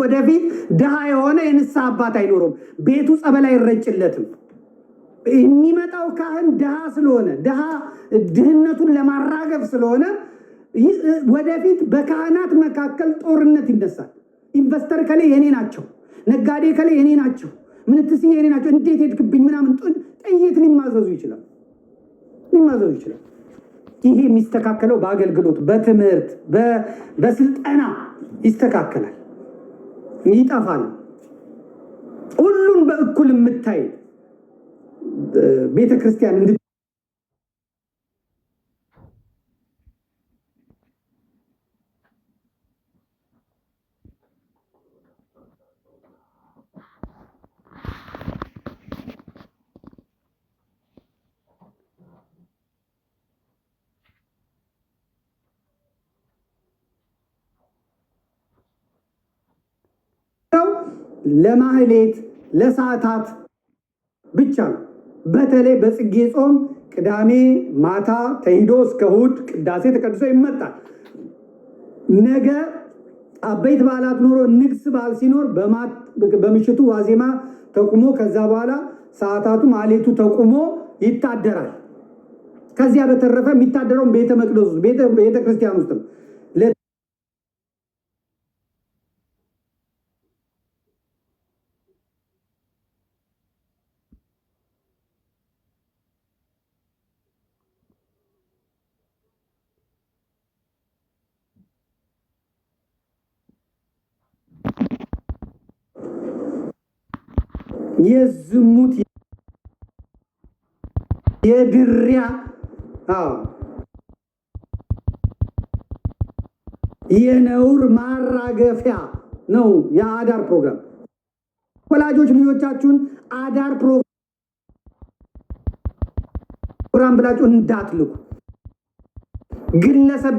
ወደፊት ድሃ የሆነ የንስሐ አባት አይኖረውም። ቤቱ ጸበል አይረጭለትም። የሚመጣው ካህን ድሃ ስለሆነ ድሃ ድህነቱን ለማራገብ ስለሆነ ወደፊት በካህናት መካከል ጦርነት ይነሳል። ኢንቨስተር ከላይ የኔ ናቸው፣ ነጋዴ ከላይ የኔ ናቸው፣ ምንትስ የኔ ናቸው፣ እንዴት ሄድክብኝ ምናምን ጥይት ሊማዘዙ ይችላል ሊማዘዙ ይችላል። ይሄ የሚስተካከለው በአገልግሎት፣ በትምህርት፣ በስልጠና ይስተካከላል። ይጠፋል። ሁሉን በእኩል የምታይ ቤተ ክርስቲያን ለማዕሌት ለሰዓታት ብቻ ነው። በተለይ በጽጌ ጾም ቅዳሜ ማታ ተሂዶ እስከ እሑድ ቅዳሴ ተቀድሶ ይመጣል። ነገ አበይት በዓላት ኖሮ ንግስ በዓል ሲኖር በምሽቱ ዋዜማ ተቁሞ ከዛ በኋላ ሰዓታቱ ማሌቱ ተቁሞ ይታደራል። ከዚያ በተረፈ የሚታደረውም ቤተ ቤተ ክርስቲያን ውስጥ ነው። የዝሙት የድሪያ የነውር ማራገፊያ ነው የአዳር ፕሮግራም። ወላጆች ልጆቻችሁን አዳር ፕሮግራም ብላችሁ እንዳትልኩ ግለሰብ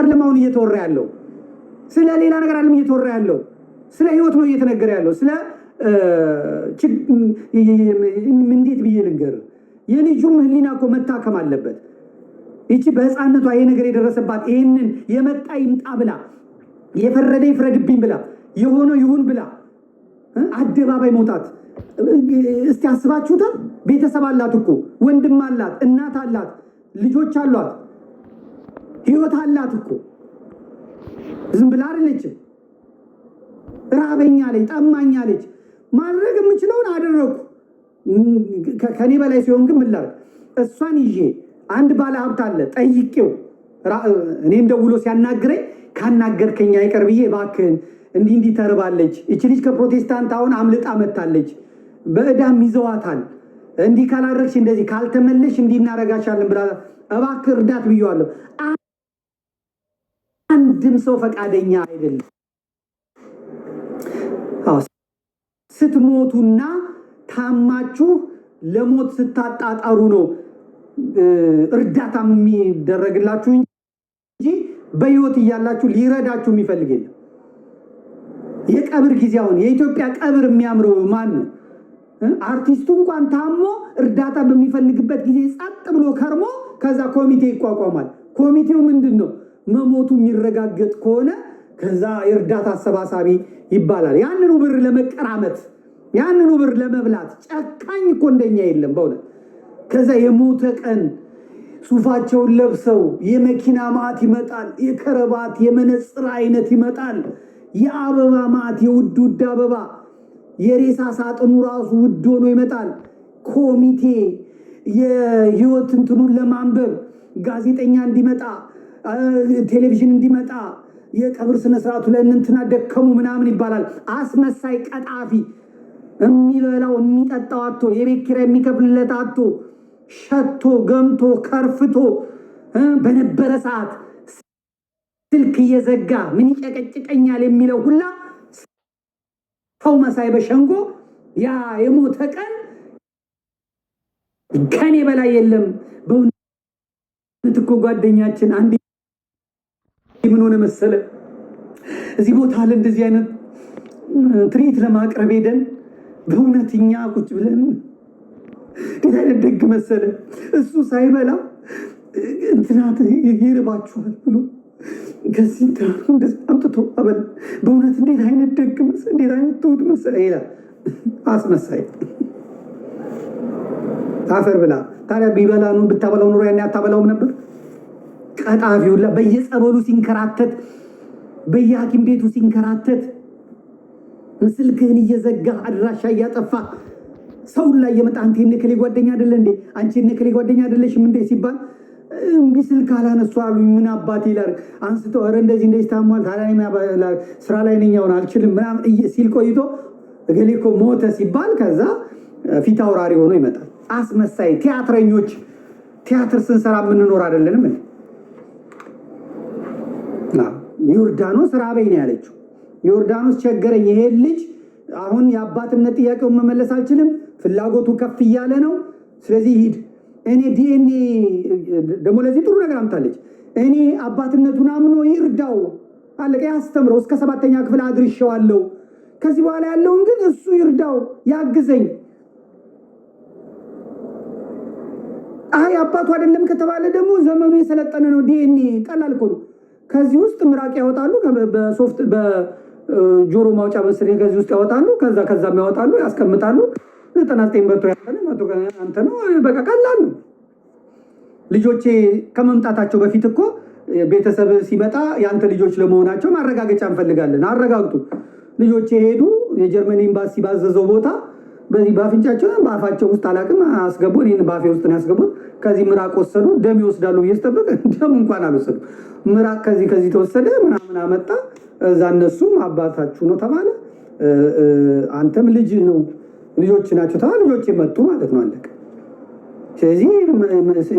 አይደለም አሁን እየተወራ ያለው፣ ስለ ሌላ ነገር አይደለም እየተወራ ያለው፣ ስለ ህይወት ነው እየተነገረ ያለው። ስለ እንዴት ብዬ ልንገር፣ የልጁም ህሊና እኮ መታከም አለበት። ይቺ በህፃነቷ ይሄ ነገር የደረሰባት ይህንን የመጣ ይምጣ ብላ የፈረደ ይፍረድብኝ ብላ የሆነ ይሁን ብላ አደባባይ መውጣት እስቲ አስባችሁታል? ቤተሰብ አላት እኮ ወንድም አላት፣ እናት አላት፣ ልጆች አሏት። ህይወት አላት እኮ ዝም ብላ አይደለችም። ራበኛ ለች ጠማኛ ለች ማድረግ የምችለውን አደረግኩ። ከኔ በላይ ሲሆን ግን ምን እሷን ይዤ አንድ ባለ ሀብት አለ ጠይቄው፣ እኔም ደውሎ ሲያናግረኝ ካናገርከኝ አይቀር ብዬ እባክህን እንዲህ እንዲህ ተርባለች፣ ይቺ ልጅ ከፕሮቴስታንት አሁን አምልጣ መታለች፣ በእዳም ይዘዋታል፣ እንዲህ ካላረግሽ እንደዚህ ካልተመለሽ እንዲህ እናረጋሻለን ብላ እባክህ እርዳት ብዬዋለሁ። አንድም ሰው ፈቃደኛ አይደለም። ስትሞቱና ታማችሁ ለሞት ስታጣጣሩ ነው እርዳታ የሚደረግላችሁ እንጂ በህይወት እያላችሁ ሊረዳችሁ የሚፈልግ የለም። የቀብር ጊዜ አሁን የኢትዮጵያ ቀብር የሚያምረው ማን ነው? አርቲስቱ እንኳን ታሞ እርዳታ በሚፈልግበት ጊዜ ጸጥ ብሎ ከርሞ ከዛ ኮሚቴ ይቋቋማል። ኮሚቴው ምንድን ነው? መሞቱ የሚረጋገጥ ከሆነ ከዛ የእርዳታ አሰባሳቢ ይባላል። ያንኑ ብር ለመቀራመት ያንኑ ብር ለመብላት ጨካኝ እኮ እንደኛ የለም በእውነት ከዛ የሞተ ቀን ሱፋቸውን ለብሰው የመኪና ማዕት ይመጣል፣ የከረባት የመነፅር አይነት ይመጣል፣ የአበባ ማዕት የውድ ውድ አበባ የሬሳ ሳጥኑ ራሱ ውድ ሆኖ ይመጣል። ኮሚቴ የህይወት እንትኑን ለማንበብ ጋዜጠኛ እንዲመጣ ቴሌቪዥን እንዲመጣ የቀብር ስነስርዓቱ ላይ እንትና ደከሙ ምናምን ይባላል። አስመሳይ ቀጣፊ፣ የሚበላው የሚጠጣው አቶ የቤት ኪራይ የሚከፍልለት አቶ ሸቶ ገምቶ ከርፍቶ በነበረ ሰዓት ስልክ እየዘጋ ምን ይጨቀጭቀኛል የሚለው ሁላ ሰው መሳይ በሸንጎ ያ የሞተ ቀን ከኔ በላይ የለም። በእውነት እኮ ጓደኛችን አንድ ምን ሆነ መሰለ፣ እዚህ ቦታ አለ እንደዚህ አይነት ትርኢት ለማቅረብ ሄደን በእውነት እኛ ቁጭ ብለን እንዴት አይነት ደግ መሰለ፣ እሱ ሳይበላ እንትናት ይርባችኋል ብሎ ከዚህ እንደዚህ አምጥቶ አበል። በእውነት እንዴት አይነት ደግ መሰለ፣ እንዴት አይነት ትሁት መሰለ ይላል። አስመሳይ አፈር ብላ ታዲያ ቢበላ ብታበላው ኑሮ ያኔ አታበላውም ነበር። ቀጣፊው በየጸበሉ ሲንከራተት፣ በየሐኪም ቤቱ ሲንከራተት፣ ስልክህን እየዘጋ አድራሻ እያጠፋ ሰውን ላይ የመጣ አንተ ንክሌ ጓደኛ አደለ እንዴ? አንቺ ንክሌ ጓደኛ አደለሽም እንዴ ሲባል እምቢ ስልክ አላነሱ አሉ። ምን አባቴ ላር አንስተው ኧረ እንደዚህ እንደዚህ ታሟል ስራ ላይ ነኝ አሁን አልችልም ምናምን ሲል ቆይቶ እገሌ እኮ ሞተ ሲባል ከዛ ፊት አውራሪ ሆኖ ይመጣል። አስመሳይ ቲያትረኞች ቲያትር ስንሰራ የምንኖር አይደለንም። ዮርዳኖስ ራበኝ ነው ያለችው። ዮርዳኖስ ቸገረኝ፣ ይሄን ልጅ አሁን የአባትነት ጥያቄውን መመለስ አልችልም፣ ፍላጎቱ ከፍ እያለ ነው። ስለዚህ ሂድ። እኔ ዲኤንኤ ደግሞ ለዚህ ጥሩ ነገር አምታለች። እኔ አባትነቱን አምኖ ይርዳው፣ አለቀ፣ ያስተምረው፣ እስከ ሰባተኛ ክፍል አድርሼዋለሁ። ከዚህ በኋላ ያለውን ግን እሱ ይርዳው፣ ያግዘኝ። አይ አባቱ አይደለም ከተባለ ደግሞ ዘመኑ የሰለጠነ ነው። ዲኤንኤ ቀላል እኮ ነው። ከዚህ ውስጥ ምራቅ ያወጣሉ፣ በሶፍት በጆሮ ማውጫ መሰለኝ ከዚህ ውስጥ ያወጣሉ። ከዛ ከዛም ያወጣሉ፣ ያስቀምጣሉ። ዘጠና ዘጠኝ በቶ ያለ መቶ አንተ ነው በቃ ቀላሉ። ልጆቼ ከመምጣታቸው በፊት እኮ ቤተሰብ ሲመጣ የአንተ ልጆች ለመሆናቸው ማረጋገጫ እንፈልጋለን። አረጋግጡ። ልጆቼ ሄዱ የጀርመን ኤምባሲ ባዘዘው ቦታ በዚህ በአፍንጫቸው በአፋቸው ውስጥ አላቅም አስገቡ። ይህን በአፌ ውስጥ ነው ያስገቡት። ከዚህ ምራቅ ወሰዱ። ደም ይወስዳሉ እየስጠበቀ ደም እንኳን አልወሰዱ። ምራቅ ከዚህ ከዚህ ተወሰደ ምናምን አመጣ። እዛ እነሱም አባታችሁ ነው ተባለ። አንተም ልጅ ነው ልጆች ናቸው ተባለ። ልጆች መጡ ማለት ነው አለቀ። ስለዚህ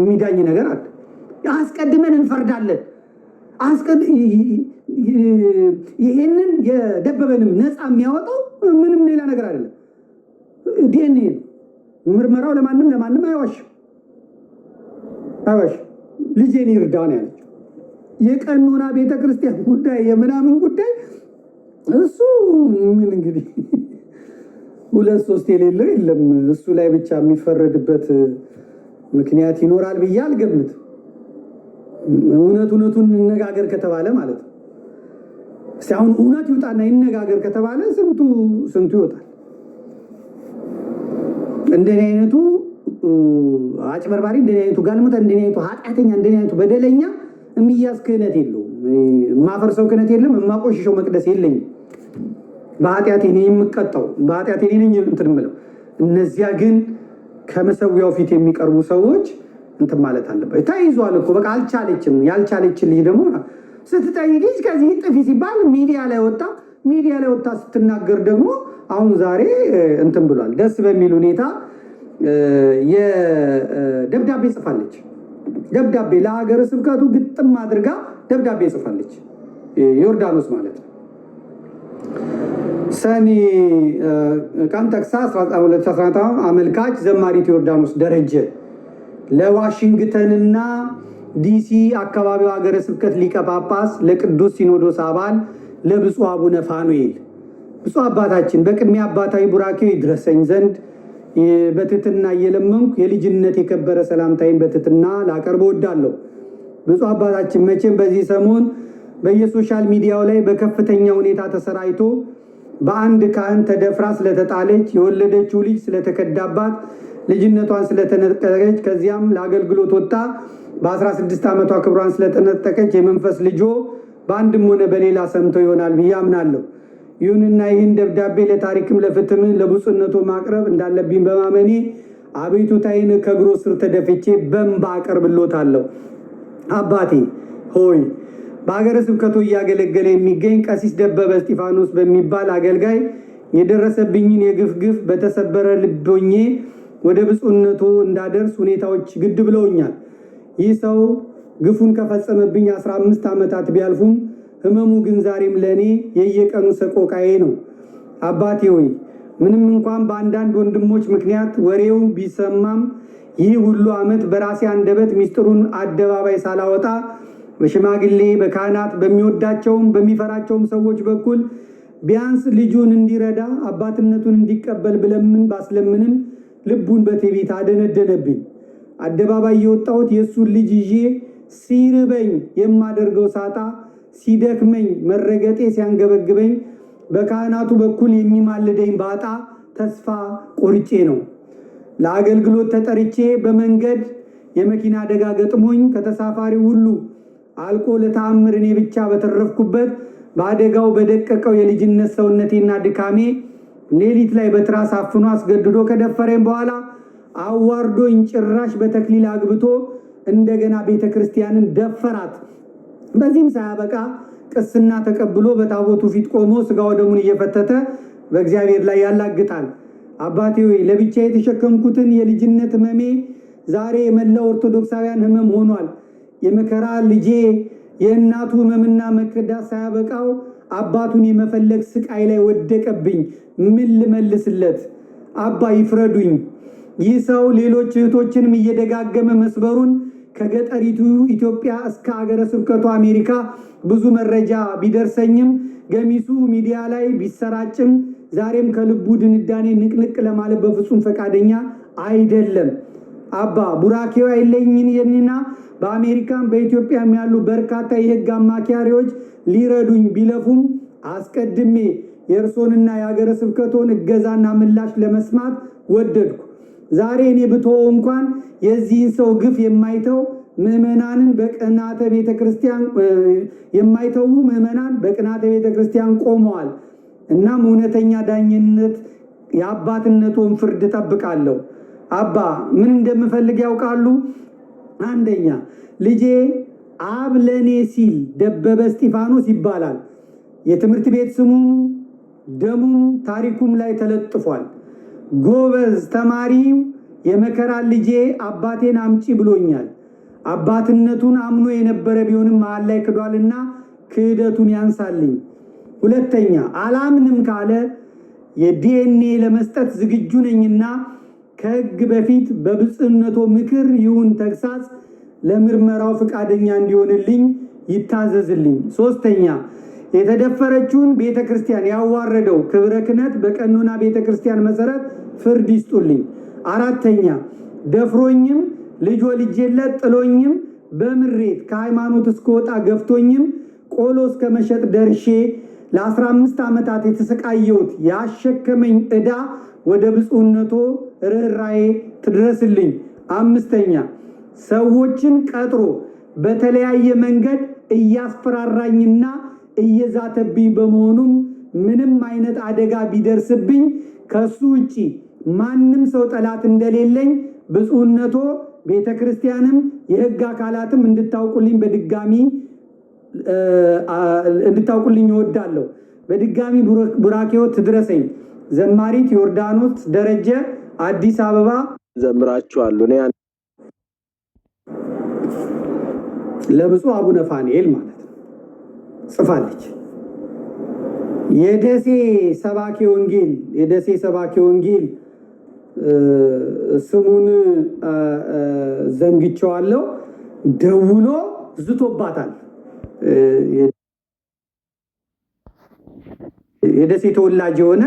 የሚዳኝ ነገር አለ። አስቀድመን እንፈርዳለን። ይሄንን የደበበንም ነፃ የሚያወጣው ምንም ሌላ ነገር አይደለም። ዲኤንኤ ነው። ምርመራው ለማንም ለማንም አይዋሽም አይዋሽም። ልጄን ይርዳ ነው ያለችው። የቀኖና ቤተ ክርስቲያን ጉዳይ የምናምን ጉዳይ እሱ ምን እንግዲህ ሁለት ሶስት የሌለው የለም። እሱ ላይ ብቻ የሚፈረድበት ምክንያት ይኖራል ብዬ አልገምትም። እውነት እውነቱን እንነጋገር ከተባለ ማለት ነው። እስኪ አሁን እውነት ይውጣና ይነጋገር ከተባለ ስንቱ ስንቱ ይወጣል። እንደኔ አይነቱ አጭበርባሪ፣ እንደኔ አይነቱ ጋልሞታ፣ እንደኔ አይነቱ ኃጢአተኛ፣ እንደኔ አይነቱ በደለኛ የሚያዝ ክህነት የለውም። የማፈርሰው ክህነት የለም። የማቆሽሸው መቅደስ የለኝም። በኃጢአቴ እኔ የምቀጣው በኃጢአቴ ነኝ እንትን የምለው። እነዚያ ግን ከመሰዊያው ፊት የሚቀርቡ ሰዎች እንትን ማለት አለበት። ተይዟል እኮ በቃ አልቻለችም። ያልቻለችን ልጅ ደግሞ ስትጠይቅ ከዚህ ጥፊ ሲባል ሚዲያ ላይ ወጣ። ሚዲያ ላይ ወጣ ስትናገር ደግሞ አሁን ዛሬ እንትን ብሏል። ደስ በሚል ሁኔታ ደብዳቤ ጽፋለች። ደብዳቤ ለሀገረ ስብከቱ ግጥም አድርጋ ደብዳቤ ጽፋለች። ዮርዳኖስ ማለት ነው። ሰኔ ቀን ጠቅሳ አመልካች ዘማሪት ዮርዳኖስ ደረጀ ለዋሽንግተንና ዲሲ አካባቢው ሀገረ ስብከት ሊቀ ጳጳስ፣ ለቅዱስ ሲኖዶስ አባል፣ ለብፁ አቡነ ፋኑኤል ብፁዕ አባታችን በቅድሚያ አባታዊ ቡራኬው ይድረሰኝ ዘንድ በትትና እየለመንኩ የልጅነት የከበረ ሰላምታይን በትትና ላቀርብ ወዳለሁ ብፁዕ አባታችን መቼም በዚህ ሰሞን በየሶሻል ሚዲያው ላይ በከፍተኛ ሁኔታ ተሰራይቶ በአንድ ካህን ተደፍራ ስለተጣለች የወለደችው ልጅ ስለተከዳባት ልጅነቷን ስለተነጠቀች ከዚያም ለአገልግሎት ወጣ በ16 ዓመቷ ክብሯን ስለተነጠቀች የመንፈስ ልጆ በአንድም ሆነ በሌላ ሰምቶ ይሆናል ብዬ አምናለሁ። ይሁንና ይህን ደብዳቤ ለታሪክም ለፍትህም ለብፁዕነቱ ማቅረብ እንዳለብኝ በማመኔ አቤቱታዬን ከእግሮ ስር ተደፍቼ በእንባ አቀርብሎታለሁ። አባቴ ሆይ በሀገረ ስብከቱ እያገለገለ የሚገኝ ቀሲስ ደበበ እስጢፋኖስ በሚባል አገልጋይ የደረሰብኝን የግፍ ግፍ በተሰበረ ልቦኜ ወደ ብፁዕነቱ እንዳደርስ ሁኔታዎች ግድ ብለውኛል። ይህ ሰው ግፉን ከፈጸመብኝ 15 ዓመታት ቢያልፉም ህመሙ ግን ዛሬም ለእኔ የየቀኑ ሰቆቃዬ ነው። አባቴ ሆይ ምንም እንኳን በአንዳንድ ወንድሞች ምክንያት ወሬው ቢሰማም ይህ ሁሉ ዓመት በራሴ አንደበት ሚስጥሩን አደባባይ ሳላወጣ በሽማግሌ በካህናት በሚወዳቸውም በሚፈራቸውም ሰዎች በኩል ቢያንስ ልጁን እንዲረዳ አባትነቱን እንዲቀበል ብለምን ባስለምንም ልቡን በትዕቢት አደነደነብኝ። አደባባይ የወጣሁት የእሱን ልጅ ይዤ ሲርበኝ የማደርገው ሳጣ ሲደክመኝ መረገጤ ሲያንገበግበኝ በካህናቱ በኩል የሚማልደኝ ባጣ ተስፋ ቆርጬ ነው። ለአገልግሎት ተጠርቼ በመንገድ የመኪና አደጋ ገጥሞኝ ከተሳፋሪ ሁሉ አልቆ ለተአምር እኔ ብቻ በተረፍኩበት በአደጋው በደቀቀው የልጅነት ሰውነቴና ድካሜ ሌሊት ላይ በትራስ አፍኖ አስገድዶ ከደፈረኝ በኋላ አዋርዶኝ ጭራሽ በተክሊል አግብቶ እንደገና ቤተ ክርስቲያንን ደፈራት። በዚህም ሳያበቃ ቅስና ተቀብሎ በታቦቱ ፊት ቆሞ ስጋ ወደሙን እየፈተተ በእግዚአብሔር ላይ ያላግጣል። አባቴ ሆይ ለብቻ የተሸከምኩትን የልጅነት ህመሜ ዛሬ የመላው ኦርቶዶክሳውያን ህመም ሆኗል። የመከራ ልጄ የእናቱ ህመምና መከዳት ሳያበቃው አባቱን የመፈለግ ስቃይ ላይ ወደቀብኝ። ምን ልመልስለት? አባ ይፍረዱኝ። ይህ ሰው ሌሎች እህቶችንም እየደጋገመ መስበሩን ከገጠሪቱ ኢትዮጵያ እስከ አገረ ስብከቱ አሜሪካ ብዙ መረጃ ቢደርሰኝም ገሚሱ ሚዲያ ላይ ቢሰራጭም ዛሬም ከልቡ ድንዳኔ ንቅንቅ ለማለት በፍጹም ፈቃደኛ አይደለም። አባ ቡራኬው አይለኝና በአሜሪካም በኢትዮጵያም ያሉ በርካታ የህግ አማካሪዎች ሊረዱኝ ቢለፉም አስቀድሜ የእርሶንና የሀገረ ስብከቶን እገዛና ምላሽ ለመስማት ወደድኩ። ዛሬ እኔ ብቶ እንኳን የዚህን ሰው ግፍ የማይተው ምእመናንን በቅናተ ቤተ ክርስቲያን የማይተው ምእመናን በቅናተ ቤተ ክርስቲያን ቆመዋል። እናም እውነተኛ ዳኝነት የአባትነቱን ፍርድ ጠብቃለሁ። አባ ምን እንደምፈልግ ያውቃሉ? አንደኛ ልጄ አብ ለእኔ ሲል ደበበ እስጢፋኖስ ይባላል። የትምህርት ቤት ስሙም ደሙም ታሪኩም ላይ ተለጥፏል። ጎበዝ ተማሪው የመከራ ልጄ አባቴን አምጪ ብሎኛል። አባትነቱን አምኖ የነበረ ቢሆንም መሃል ላይ ክዷልና ክህደቱን ያንሳልኝ። ሁለተኛ አላምንም ካለ የዲኤንኤ ለመስጠት ዝግጁ ነኝና ከህግ በፊት በብፁዕነቶ ምክር ይሁን ተግሳጽ ለምርመራው ፈቃደኛ እንዲሆንልኝ ይታዘዝልኝ። ሶስተኛ የተደፈረችውን ቤተ ክርስቲያን ያዋረደው ክብረ ክህነት በቀኖና ቤተ ክርስቲያን መሰረት ፍርድ ይስጡልኝ። አራተኛ ደፍሮኝም ልጅ ወልጄለት ጥሎኝም በምሬት ከሃይማኖት እስከወጣ ገፍቶኝም ቆሎ እስከ መሸጥ ደርሼ ለ15 ዓመታት የተሰቃየሁት ያሸከመኝ ዕዳ ወደ ብፁዕነቶ ርኅራዬ ትድረስልኝ። አምስተኛ ሰዎችን ቀጥሮ በተለያየ መንገድ እያስፈራራኝና እየዛተብኝ በመሆኑም ምንም አይነት አደጋ ቢደርስብኝ ከሱ ውጪ ማንም ሰው ጠላት እንደሌለኝ ብፁዕነቶ ቤተ ክርስቲያንም የሕግ አካላትም እንድታውቁልኝ በድጋሚ እንድታውቁልኝ እወዳለሁ። በድጋሚ ቡራኬዎ ትድረሰኝ። ዘማሪት ዮርዳኖስ ደረጀ፣ አዲስ አበባ። ዘምራችኋሉ። ለብፁዕ አቡነ ፋንኤል ማለት ጽፋለች። የደሴ ሰባኪ ወንጌል የደሴ ሰባኪ ወንጌል ስሙን ዘንግቸዋለው ደውሎ ዝቶባታል። የደሴ ተወላጅ የሆነ